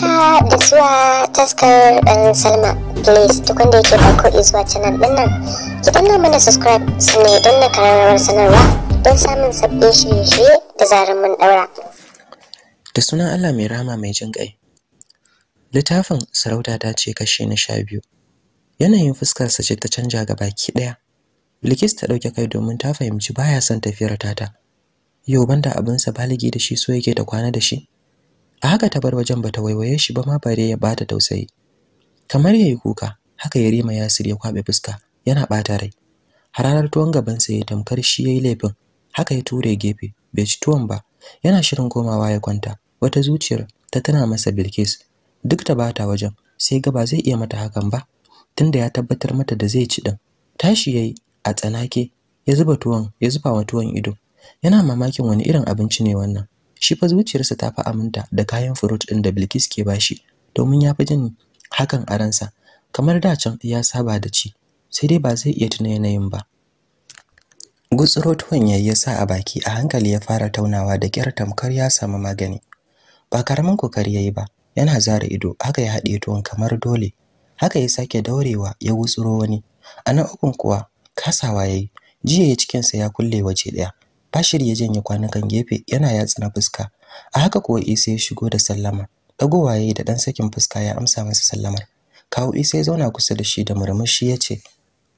haka da zuwa taskar ɗan salma please duk wanda yake farko izuwa canal ɗin nan ki danna mana subscribe sannan don na kararrawar sanarwa don samun sabbin shirye-shirye da zarar mun ɗaura da sunan allah mai rama mai jin ƙai littafin sarauta ta ce kashe na sha biyu yanayin fuskarsa ce ta canja ga baki ɗaya Likita ta ɗauke kai domin ta fahimci baya son tafiyar tata yau banda abinsa baligi da shi so yake da kwana da shi a haka ta bar wajen bata waiwaye shi ba ma bare ya bata tausayi kamar yayi kuka haka Yarima ya sire Yasir kwabe fuska yana bata rai hararar tuwon gaban sa ya tamkar shi yayi laifin haka ya ture gefe bai ci tuwon ba yana shirin komawa ya kwanta wata zuciyar ta tana masa Bilkis duk ta bata wajen sai gaba zai iya mata hakan ba tunda ya tabbatar mata da zai ci din tashi yayi a tsanake ya zuba tuwon ya zuba wa tuwon ido yana mamakin wani irin abinci ne wannan shi fa zuciyarsa ta fi aminta da kayan furut ɗin da Bilkis ke bashi domin ya fi jin hakan a ransa kamar da can ya saba da ci sai dai ba zai iya tuna yanayin ba gutsuro tuwon yayi ya sa a baki a hankali ya fara taunawa da kyar tamkar ya samu magani ba karamin kokari yi ba yana zara ido haka ya haɗe tuwon kamar dole haka ya sake daurewa ya gutsuro wani a nan ukun kuwa kasawa yayi jiya ya cikinsa ya kulle waje ɗaya Bashir ya janye kwanukan gefe yana yatsa na fuska. A haka kuwa Isa ya shigo da sallama. Dagowa yayi da dan sakin fuska ya amsa masa sallamar. Kawo Isa ya zauna kusa da shi da murmushi ya ce,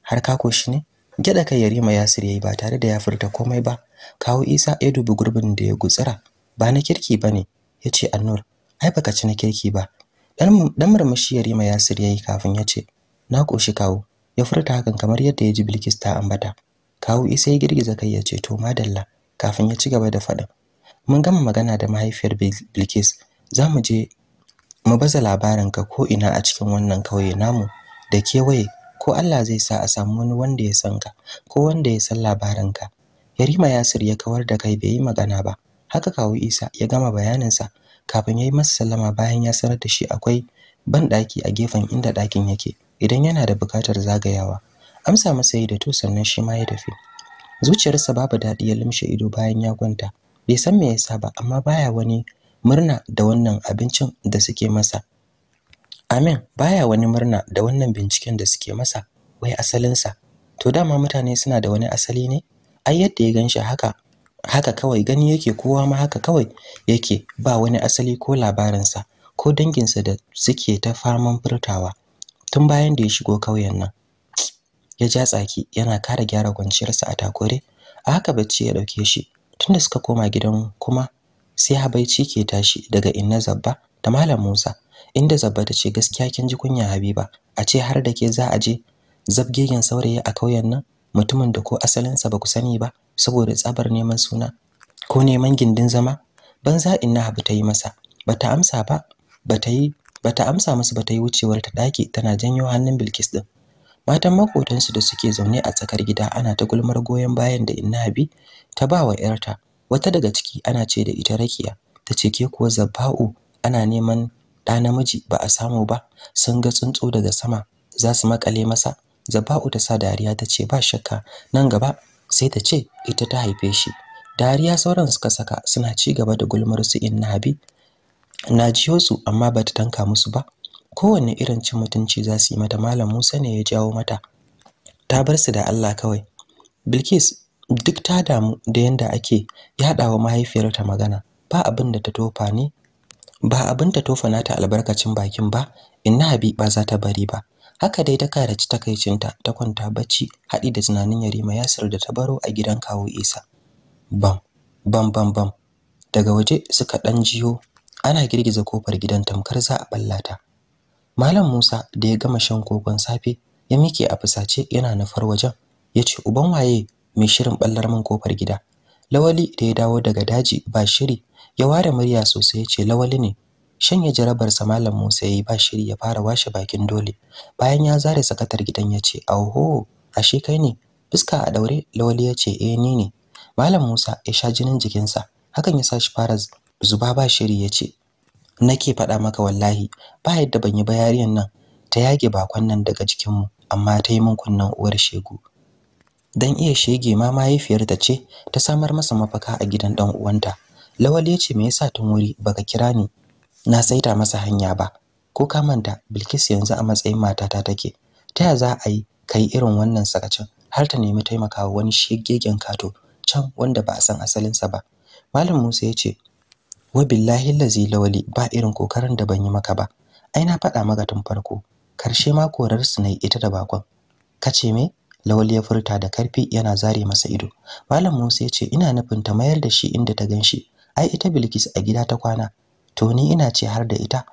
"Har ka koshi ne?" Gyada kai Yarima Yasir yayi ba tare da ya furta komai ba. Kawo Isa ya dubi gurbin da ya gutsira. Ba na kirki bane, ya ce Annur. Ai baka ci na kirki ba. Dan dan murmushi Yarima Yasir yayi kafin ya ce, "Na koshi kawo." Ya furta hakan kamar yadda ya ji Bilkis ta ambata. kawu isa ya girgiza kai ya ce to madalla kafin ya ci gaba da faɗin mun gama magana da mahaifiyar bilkis za mu je mu baza labarinka ko ina a cikin wannan kauye namu da kewaye ko Allah zai sa a samu wani wanda ya san ka ko wanda ya san ka. yarima yasir ya kawar da kai bai yi magana ba haka kawu isa ya gama bayanin sa. kafin ya yi masa sallama bayan ya sanar da shi akwai banɗaki a gefen inda ɗakin yake idan yana da buƙatar zagayawa amsa masa yi da to sannan shi ma ya tafi zuciyarsa babu daɗi ya lumshe ido bayan ya kwanta bai san me yasa ba amma baya wani murna da wannan abincin da suke masa amin baya wani murna da wannan binciken da suke masa wai asalinsa to dama mutane suna da wani asali ne ai yadda ya ganshi haka haka kawai gani yake kowa ma haka kawai yake ba wani asali ko labarinsa ko danginsa da suke ta faman furtawa tun bayan da ya shigo ƙauyen nan ya ja tsaki yana kara gyara kwanciyarsa a takure a haka bacci ya ɗauke shi tunda suka koma gidan kuma sai habaici ke tashi daga inna zabba da malam Musa inda zabba ta ce gaskiya kin ji kunya Habiba a ce har da ke za a je zabgegen saurayi a kauyen nan mutumin da ko asalinsa ba ku sani ba saboda tsabar neman suna ko neman gindin zama banza inna habu ta yi masa bata amsa ba bata yi bata amsa masa bata yi wucewar ta daki tana janyo hannun Bilkis din matan makotansu da suke zaune a tsakar gida ana ta gulmar goyon bayan da inna habi ta ba wa yarta wata daga ciki ana ce da ita rakiya ta ce ke kuwa zabba'u ana neman ɗa namiji ba a samu ba sun ga tsuntsu daga sama za su makale masa zabba'u ta sa dariya ta ce ba shakka nan gaba sai ta ce ita ta haife shi dariya sauran suka saka suna ci gaba da gulmar su inna habi na jiyo su amma ba ta tanka musu ba kowanne irin cin mutunci za su yi mata malam Musa ne ya jawo mata ta bar su da Allah kawai Bilkis duk ta damu da yanda ake yaɗawa mahaifiyarta magana ba abin da ta tofa ne ba abin ta tofa nata albarkacin bakin ba inna habiba za ta bari ba haka dai ta karaci takaicinta ta kwanta bacci haɗi da tunanin yarima yasir da ta baro a gidan kawo isa bam bam bam bam daga waje suka ɗan jiyo ana girgiza kofar gidan tamkar za a ballata Malam Musa da ya gama shan kogon safe ya mike a fusace yana nufar wajen ya ce uban waye mai shirin ɓallar min kofar gida lawali da ya dawo daga daji ba shiri ya ware murya sosai ya ce lawali ne shanye jarabar sa malam Musa yi ba shiri ya fara washe bakin dole bayan ya zare sakatar gidan ya ce oho ashe kai ne fuska a daure lawali ya ce eh ni ne malam Musa ya sha jinin jikinsa hakan ya sa shi fara zuba ba shiri ya ce nake faɗa maka wallahi ba yadda ban yi bayariyan nan ta yage bakon nan daga jikinmu amma ta yi min kunnen uwar shegu dan iya shege ma mahaifiyarta ce ta samar masa mafaka a gidan dan uwanta lawal ya ce me yasa tun wuri baka kira ni na saita masa hanya ba ko ka manta bilkis yanzu a matsayin matata take ta za a yi kai irin wannan sakacin har ta nemi taimakawa wani shegegen kato can wanda ba a san asalinsa ba malam musa ya ce Wabillahi lazi lawali ba irin kokarin da ban yi maka ba ai na faɗa maka tun farko karshe ma korar su ne ita da bakon kace me lawali ya furta da karfi yana zare masa ido malam Musa ya ce ina nufin ta mayar da shi inda ta ganshi ai ita Bilkis a gida ta kwana to ni ina ce har da ita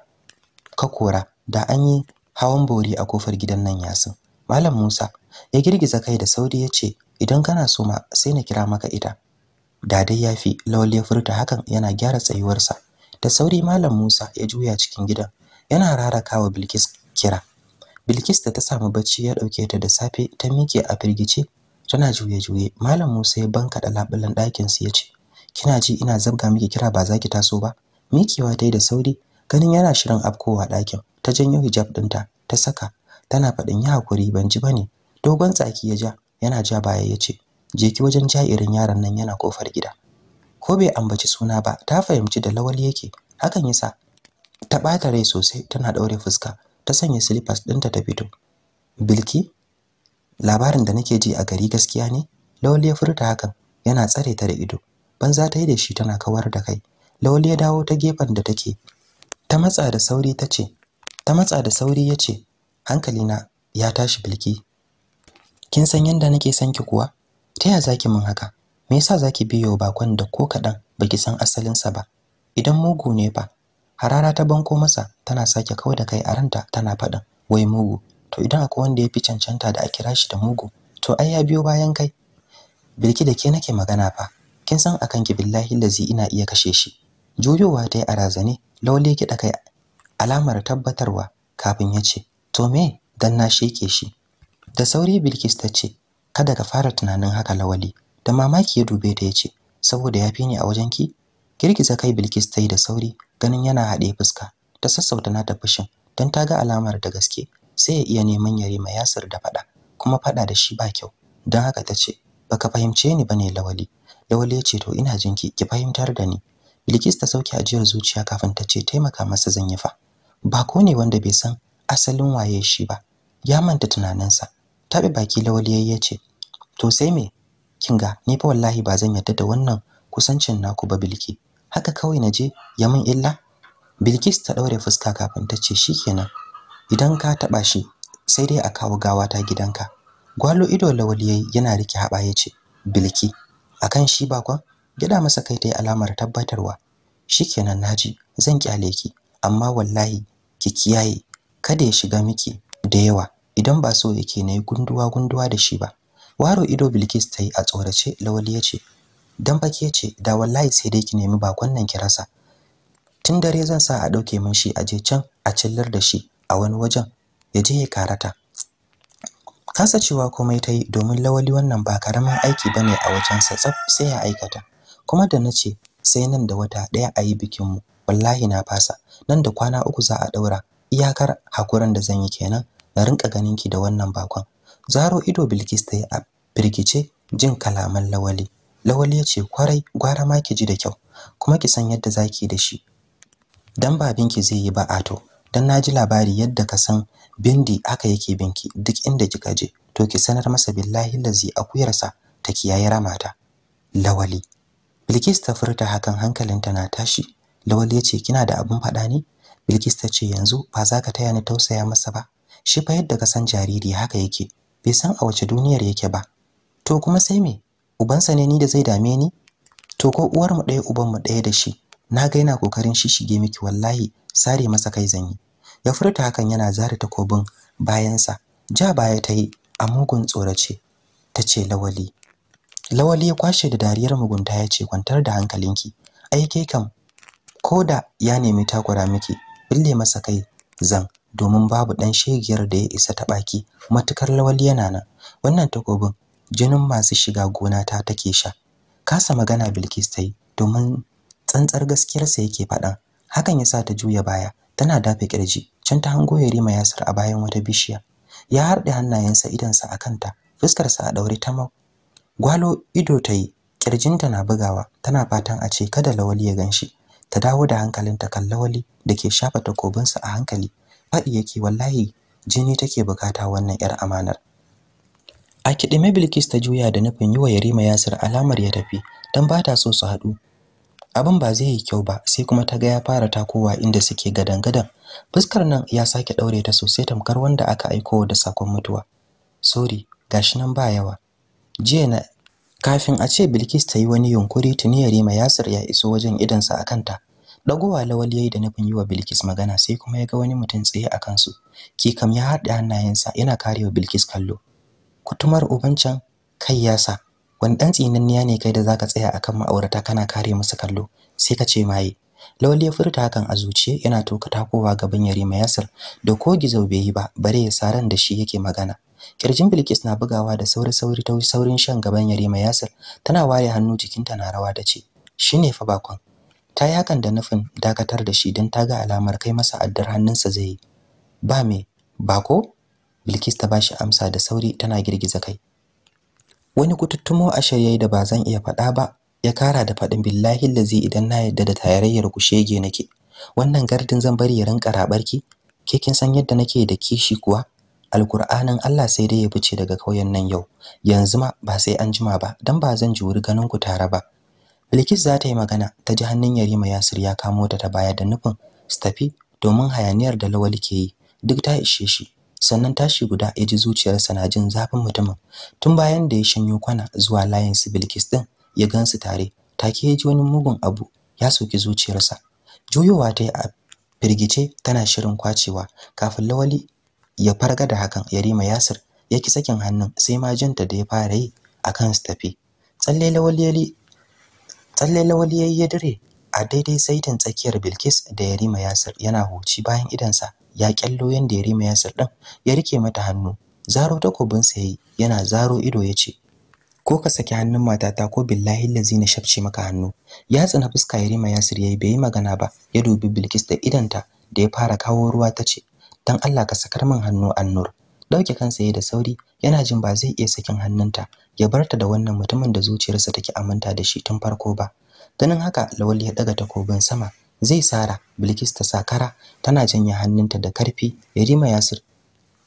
ka kora da an yi hawan bori a kofar gidan nan yasin malam Musa ya girgiza kai da sauri ya ce idan kana so ma sai na kira maka ita Dadai dai yafi lawal ya furta hakan yana gyara tsayuwarsa da sauri malam Musa ya juya cikin gidan yana rarakawa Bilkis kira Bilkis da ta samu bacci ya dauke ta da safe ta miƙe a firgice tana juye-juye malam Musa ya banka da labulan ɗakin sa yace kina ji ina zabga miki kira ba za taso ba miƙewa ta yi da sauri ganin yana shirin afkowa ɗakin ta janyo hijab dinta, ta saka tana faɗin ya hakuri ban ji bane dogon tsaki ya ja yana ja baya ya Jeki ki wajen jairin yaron nan yana kofar gida ko bai ambaci suna ba ta fahimci da lawal yake hakan yasa ta bata rai sosai tana daure fuska ta sanya slippers ɗinta ta fito bilki labarin da nake ji a gari gaskiya ne lawal ya furta hakan yana tsare ta da ido Ban za ta yi da shi tana kawar da kai lawal ya dawo ta gefen da take ta matsa da sauri ta ce ta matsa da sauri ya ce hankalina ya tashi bilki kin san yadda nake son ki kuwa ta ya zaki mun haka me yasa zaki biyo bakon da ko kadan baki san asalinsa ba idan mugu ne fa harara ta banko masa tana sake kawai da kai a ranta tana faɗin wai mugu to idan akwai wanda ya fi cancanta da a kira shi da mugu to ai ya biyo bayan kai bilki da ke nake magana fa kin san akan ki billahi lazi ina iya kashe shi juyowa ta yi a razane laule ki kai alamar tabbatarwa kafin ya ce to me dan na sheke shi da sauri bilkis ta ce kada ka fara tunanin haka lawali da mamaki ya dube ta yace saboda ya fi ni a wajen ki girgiza kai Bilkis tayi da sauri ganin yana haɗe fuska ta sassauta nata fushin don ta ga alamar da gaske sai ya iya neman yare mai Yasir da fada kuma fada da shi ba kyau don haka ta ce baka fahimce ni bane lawali lawali ya ce to ina jinki ki fahimtar da ni Bilkis ta sauke ajiyar zuciya kafin ta ce taimaka masa zan yi fa ba ko ne wanda bai san asalin waye shi ba ya manta tunaninsa tabe baki lawali yayi yace to sai me kinga ni fa wallahi ba zan yarda da wannan kusancin naku ba bilki haka kawai naje ya min illa bilkis ta daure fuska kafin ta ce shikenan idan ka taba shi sai dai a kawo gawa ta gidanka gwalo ido lawali yayi yana rike haba yace bilki akan shi bakon gida masa kai yi alamar tabbatarwa shikenan naji zan kyale ki amma wallahi ki kiyaye kada ya shiga miki da yawa idan ba so yake na yi gunduwa gunduwa da shi ba waro ido bilkis ta yi a tsorace lawali ya ce dan ya ce da wallahi sai dai ki nemi bakon nan ki rasa tun dare zan sa a ɗauke min shi a je can a cillar da shi a wani wajen ya je ya karata kasa cewa komai ta yi domin lawali wannan ba karamin aiki ba ne a wajensa tsaf sai ya aikata kuma da na ce sai nan da wata ɗaya a yi bikinmu wallahi na fasa nan da kwana uku za a ɗaura iyakar hakuran da zan yi kenan na rinka ganin ki da wannan bakon zaro ido Bilkis ta yi a firgice jin kalaman Lawali Lawali ya ce kwarai gwara ma ki ji da kyau kuma ki san yadda za ki da shi dan Binki zai yi ba ba'ato dan ji labari yadda ka san bindi aka yake binki duk inda kika je to ki sanar masa billahi lazi akuyarsa ta kiyaye ramata Lawali Bilkis ta furta hakan hankalinta na tashi Lawali ya ce kina da abin faɗa ne Bilkis ta ce yanzu ba za ka taya ni tausaya masa ba shi fa yadda ka san jariri haka yake bai san a wace duniyar yake ba to kuma sai me ubansa ne ni da zai dame ni to ko uwar mu ɗaya uban mu ɗaya da shi na ga yana kokarin shige miki wallahi sare masa kai zanyi ya furta hakan yana zare takobin bayansa ja baya ta yi a mugun tsorace ta ce lawali lawali ya kwashe da dariyar mugunta ya ce kwantar da hankalinki ai kai kam da ya nemi takura miki bille masa kai zan domin babu ɗan shegiyar da ya isa ta baki matukar lawali yana nan wannan takobin jinin masu shiga gona ta take sha kasa magana Bilkis ta yi domin tsantsar gaskiyarsa yake faɗan hakan yasa ta juya baya tana dafe kirji can ta hango Yarima Yasir a bayan wata bishiya ya harɗe hannayensa idansa a kanta fuskarsa a daure ta mau gwalo ido ta yi kirjinta na bugawa tana fatan a ce kada lawali ya ganshi ta dawo da hankalinta kan lawali da ke shafa takobinsa a hankali faɗi yake wallahi jini take bukata wannan yar amanar a kiɗime bilkis ta juya da nufin yi wa yarima yasir alamar ya tafi don ba ta so su haɗu abin ba zai yi kyau ba sai kuma ta ga ya fara takowa inda suke gadan-gadan fuskar nan ya sake ɗaure ta sosai tamkar wanda aka aiko da sakon mutuwa sori gashi nan ba yawa jiya na kafin a ce bilkis ta yi wani yunkuri tuni yarima yasir ya iso wajen idonsa a kanta Dagowa Lawal yayi da nufin yi wa Bilkis magana sai kuma ya ga wani mutum tsaye a kansu. kam ya haɗa hannayensa yana karewa Bilkis kallo. Kutumar ubancan kai yasa. Wani ɗan tsinanniya ne kai da zaka tsaya akan ma'aurata kana kare musu kallo sai ka ce maye. Lawal ya furta hakan a zuciya yana toka takowa gaban Yarima Yasir da ko gizo bai yi ba bare ya saran da shi yake magana. Kirjin Bilkis na bugawa da sauri-sauri ta saurin shan gaban Yarima Yasir tana ware hannu jikinta na rawa da ce, "Shine fa bakon, ta yi hakan da nufin dakatar da shi don ta ga alamar kai masa addar hannunsa zai yi ba me ba ko bilkis ta bashi amsa da sauri tana girgiza kai wani kututtumo a shirye da ba zan iya faɗa ba ya kara da faɗin billahi lazi idan na yarda da tayarayyar ku shege nake wannan gardin zan bari ya rinka rabarki ke kin san yadda nake da kishi kuwa alkur'anin Allah sai dai ya fice daga kauyen nan yau yanzu ma ba sai an jima ba dan ba zan juri ganin ku tare ba Bilkis za ta yi magana ta ji hannun Yarima Yasir ya kamo ta ta baya da nufin su tafi domin hayaniyar da Lawal ke yi duk ta ishe shi sannan tashi guda ya ji zuciyarsa na jin zafin mutumin tun bayan da ya shanyo kwana zuwa layin su Bilkis din ya gansu tare take ya ji wani mugun abu ya soki zuciyarsa juyowa ta yi a firgice tana shirin kwacewa kafin Lawali ya farga da hakan Yarima Yasir ya ki sakin hannun sai ma jinta da ya fara yi akan su tafi tsalle Lawali tsalle lawali yayi ya dire a daidai saitin tsakiyar Bilkis da Yarima Yasir yana huci bayan idansa ya kyallo yanda Yarima Yasir din ya rike mata hannu zaro takobin sa yayi yana zaro ido ya ce. ko ka saki hannun matata ko billahi lazi na shafce maka hannu ya tsina fuska Yarima Yasir yayi bai magana ba ya dubi Bilkis da idanta da ya fara kawo ruwa ta ce, dan Allah ka sakar min hannu Annur dauke kansa yayi da sauri yana jin ba zai iya sakin hannunta ya barta da wannan mutumin da zuciyarsa take aminta da shi tun farko ba ganin haka lawali ya daga takobin sama zai sara bilkis ta sakara tana janye hannunta da karfi yarima yasir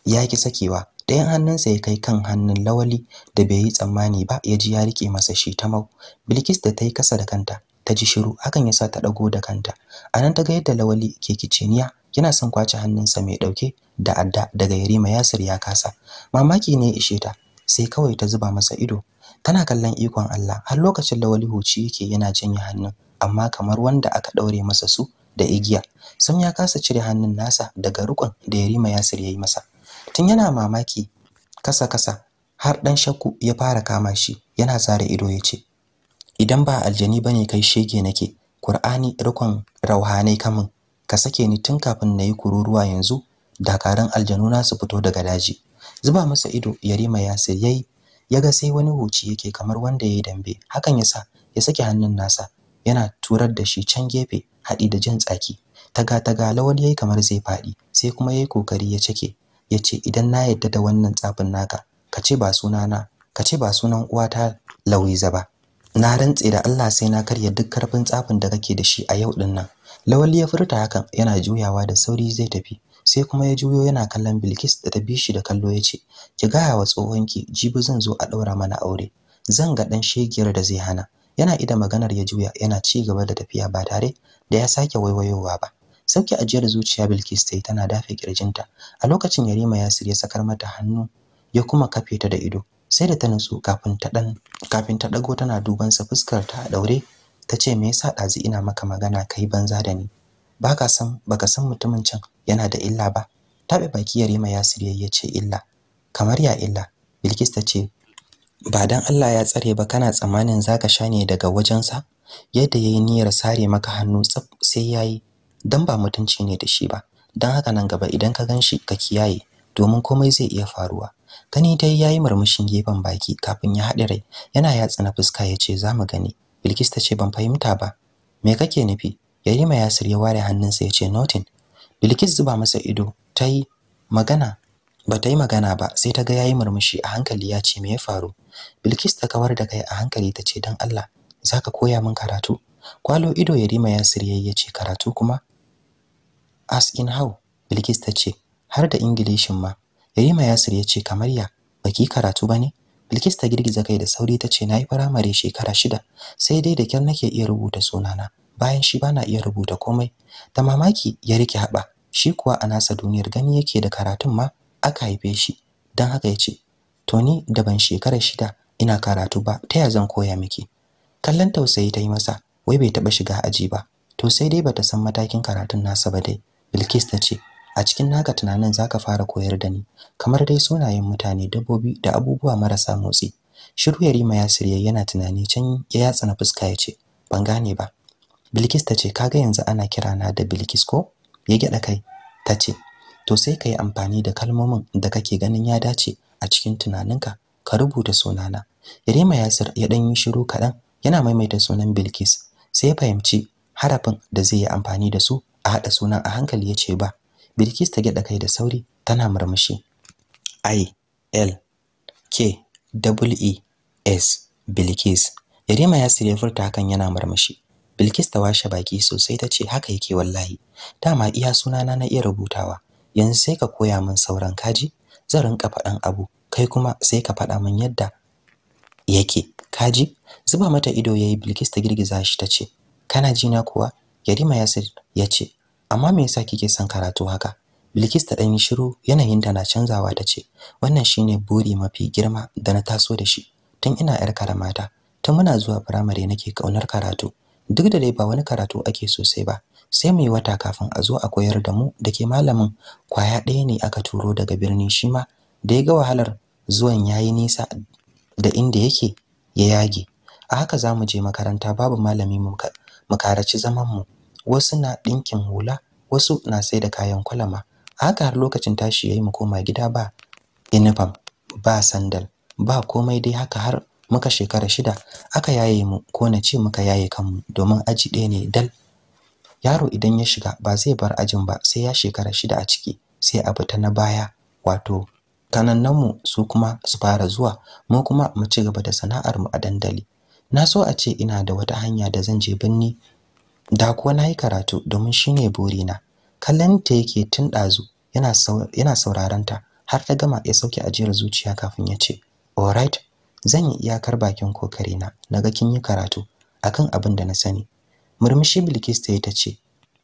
ya ki sakewa ɗayan hannunsa ya kai kan hannun lawali da bai yi tsammani ba ya ji ya rike masa shi ta mau bilkis da ta yi kasa da kanta ta ji shiru hakan yasa ta ɗago da kanta anan ta ga yadda lawali ke kiciniya yana son kwace hannunsa mai ɗauke? da adda daga yarima yasir ya kasa mamaki ne ya ishe ta sai kawai ta zuba masa ido tana kallon ikon Allah har lokacin lawali huci yake yana janye hannu, amma kamar wanda aka daure masa su da igiya sun ya kasa cire hannun nasa daga rukun da Yarima Yasir yayi masa tun yana mamaki kasa kasa har dan shakku ya fara kama shi yana zare ido ya ce. idan ba aljani bane kai shege nake Qur'ani rukun rauhanai kamun ka sake ni tun kafin nayi kururuwa yanzu dakarun aljanu na su fito daga daji zuba masa ido yarima ya sai ya ga sai wani huci yake kamar wanda ya yi dambe hakan yasa ya sake hannun nasa yana turar da shi can gefe haɗi da jin tsaki taga taga lawal yayi kamar zai faɗi sai kuma yayi kokari ya cike ya ce idan na yadda da wannan tsafin naka ka ce ba sunana ka ce ba sunan uwata lawiza ba na rantse da Allah sai na karya duk karfin tsafin da kake da shi a yau din nan lawal ya furta hakan yana juyawa da sauri zai tafi sai kuma ya juyo yana kallon Bilkis da ta bi shi da kallo ya ce, Ki gaya wa tsohonki, jibi zan zo a ɗaura mana aure. Zan ga ɗan shegiyar da zai hana. Yana ida maganar ya juya yana ci gaba da tafiya ba tare da ya sake waiwayowa ba. Sauki ajiyar zuciya Bilkis ta yi tana dafe kirjinta. A lokacin Yarima ya ya sakar mata hannu ya kuma kafe ta da ido. Sai da ta nutsu kafin ta ɗan kafin ta ɗago tana dubansa sa fuskar ta a ɗaure ta ce me yasa ɗazu ina maka magana kai banza da ni. baka san baka san mutumin can yana da illa ba tabe baki yarima yasir ya ce illa kamar ya illa bilkis ta ce ba dan Allah ya tsare ba kana tsammanin zaka sha ne daga wajensa yadda ya yi niyyar sare maka hannu tsaf sai yayi dan ba mutunci ne da shi ba dan haka nan gaba idan ka ganshi ka kiyaye domin komai zai iya faruwa gani dai yayi murmushin gefen baki kafin ya haɗe rai yana yatsa na fuska ya yace zamu gani Bilkis ta ce ban fahimta ba me kake nufi Yarima Yasir ya ware hannunsa ya ce nothing. Bilkis zuba masa ido ta yi magana ba ta yi magana ba sai ta ga ya yi murmushi a hankali ya ce me ya faru. Bilkis ta kawar da kai a hankali ta ce dan Allah zaka koya min karatu. Kwalo ido Yarima Yasir ya ce karatu kuma as in how Bilkis ta ce har da Ingilishin ma. Yarima Yasir ya ce kamar ya baki karatu bane? Bilkis ta girgiza kai da sauri ta ce na yi firamare shekara shida sai dai da kyar nake iya rubuta sunana. bayan shi bana iya rubuta komai ta mamaki ya rike haɓa shi kuwa a nasa duniyar gani yake da karatun ma aka haife shi don haka ya ce to ni da ban shekara shida ina karatu ba ta ya zan koya miki kallon tausayi ta yi masa wai bai taba shiga aji ba to sai dai bata san matakin karatun nasa ba dai bilkis ta ce a cikin naka tunanin zaka fara koyar da ni kamar dai sunayen mutane dabbobi da abubuwa marasa motsi shiru yarima ya sirya yana tunani can ya yatsa na fuska ya ce ban gane ba Bilkis ta ce kaga yanzu ana kira na da Bilkis ko? Ya gyaɗa kai. Ta ce to sai ka yi amfani da kalmomin da kake ganin ya dace a cikin tunaninka ka rubuta sunana. Yarima Yasir ya dan yi shiru kaɗan yana maimaita sunan Bilkis sai ya fahimci harafin da zai yi amfani da su a haɗa sunan a hankali ya ce ba. Bilkis ta gyaɗa kai da sauri tana murmushi. I L K W E S Bilkis. Yarima Yasir ya furta hakan yana murmushi. Bilkis ta washe baki sosai ta ce haka yake wallahi. Dama iya sunana na iya rubutawa. Yanzu sai ka koya min sauran kaji, zan rinka faɗan abu, kai kuma sai ka faɗa min yadda yake. Kaji? Zuba mata ido yayi Bilkis ta girgiza shi ta ce, "Kana ji na kuwa?" Yarima Yasir ya ce, "Amma me yasa kike son karatu haka?" Bilkis ta ɗan shiru, yanayin ta na canzawa ta ce, "Wannan shine buri mafi girma da na taso da shi. Tun ina 'yar karamata, tun muna zuwa firamare nake ƙaunar karatu. duk da dai ba wani karatu ake sosai ba sai mu yi wata kafin a zo a koyar da mu da ke malamin kwaya ɗaya ne aka turo daga birni shi ma da ya ga wahalar zuwan ya yi nisa da inda yake ya yage a haka za mu je makaranta babu malami mu karaci zaman mu wasu na ɗinkin hula wasu na sai da kayan kwalama a haka har lokacin tashi ya yi mu koma gida ba inifam ba sandal ba komai dai haka har muka shekara shida aka yaye mu ko na ce muka yaye kanmu domin aji ɗaya ne dal yaro idan ya shiga ba zai bar ajin ba sai ya shekara shida a ciki sai a fita na baya wato kanannanmu su kuma su fara zuwa mu kuma mu ci gaba da sana'ar mu a dandali na so a ce ina da wata hanya da zan je binni da kuwa na yi karatu domin shine burina kallon ta yake tun ɗazu yana ta, har ta gama ya sauke ajiyar zuciya kafin ya ce alright zan yi iyakar bakin na ga kin yi karatu akan abin da na sani murmushi Bilkis ta yi ta ce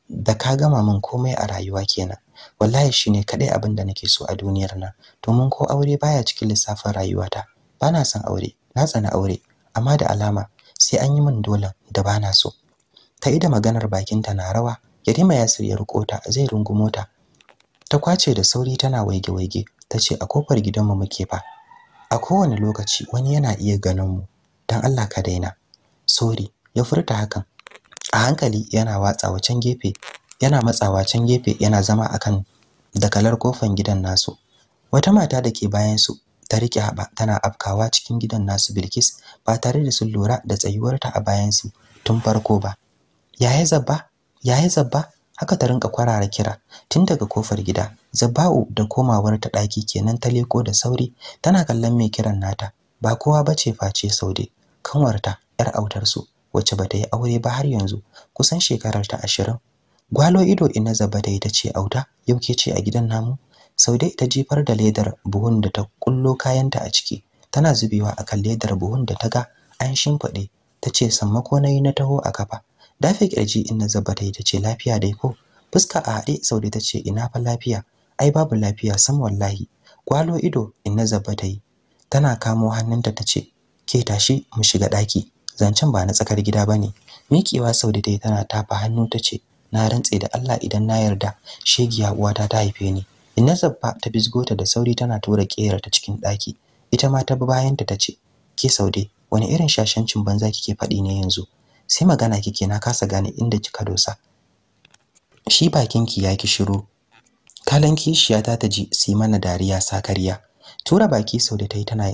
da ka gama min komai a rayuwa kenan wallahi shine kadai abin da nake so a duniyar nan domin ko aure baya cikin lissafin rayuwata bana son aure na tsana aure amma da alama sai an yi min dolan da bana so ta ida maganar bakinta na rawa yarima ya riko rukota zai rungumo ta ta kwace da sauri tana waige-waige ta ce a kofar gidanmu muke fa a kowane lokaci wani yana iya ganin mu dan Allah ka daina sorry ya furta hakan a hankali yana watsawa can gefe yana matsawa can gefe yana zama akan dakalar kofan gidan nasu wata mata da ke bayan su ta rike haɓa tana afkawa cikin gidan nasu Bilkis ba tare da sun lura da tsayuwarta a bayan su tun farko ba yaya zabba yaya zabba haka ta rinka kwarara kira tun daga kofar gida zaba'u da komawar ta ɗaki kenan ta leko da sauri tana kallon mai kiran nata ba kowa bace face saude kanwarta yar autar su wacce bata yi aure ba har yanzu kusan shekarar ta ashirin gwalo ido ina zaba da ita ce auta yau ke ce a gidan namu saude ta jifar da ledar buhun da ta kullo kayanta a ciki tana zubewa akan ledar buhun da ta ga an shimfiɗe ta ce sammako nayi na taho a kafa dafe kirji inna zabba ta tace lafiya dai ko fuska a haɗe saude tace ina fa lafiya ai babu lafiya sam wallahi Kwalo ido inna zaba ta yi tana kamo hannunta ta ce ke tashi mu shiga ɗaki zancen ba na tsakar gida ba ne miƙewa saude ta yi tana tafa hannu ta ce na rantse da Allah idan na yarda shegiya uwata ta haife ni inna zabba ta bisgota da sauri tana tura ƙera ta cikin ɗaki ita ma ta bayanta tace ce ke saude wani irin shashancin banza kike faɗi ne yanzu sai magana kike na kasa gane inda kika dosa shi bakinki ya ki shiru kalan kishiya ta ta ji sai mana dariya sakariya tura baki sau da ta tana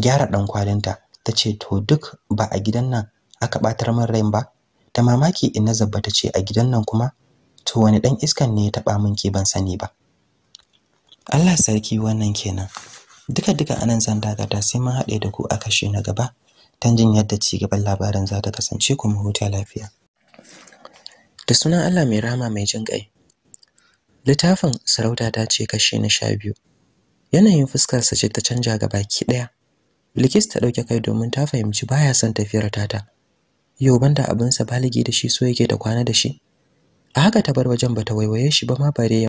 gyara dan kwalinta ta ce to duk ba a gidan nan aka batar min rai ba ta mamaki in na zabba ta ce a gidan nan kuma to wani dan iskan ne ya taba min ke ban sani ba Allah sarki wannan kenan duka duka anan zan dakata sai mun haɗe da ku a kashe na gaba don jin yadda ci gaban labarin za ta kasance kuma huta lafiya da sunan Allah mai rama, mai jin ƙai littafin sarauta ta ce kashe na sha biyu yanayin fuskarsa ce ta canja ga baki ɗaya Bilkis ta ɗauke kai domin ta fahimci baya son tafiyar tata yau ban da abinsa baligi da shi so yake da kwana da shi a haka ta bar wajen ba ta waiwaye shi ba ma bare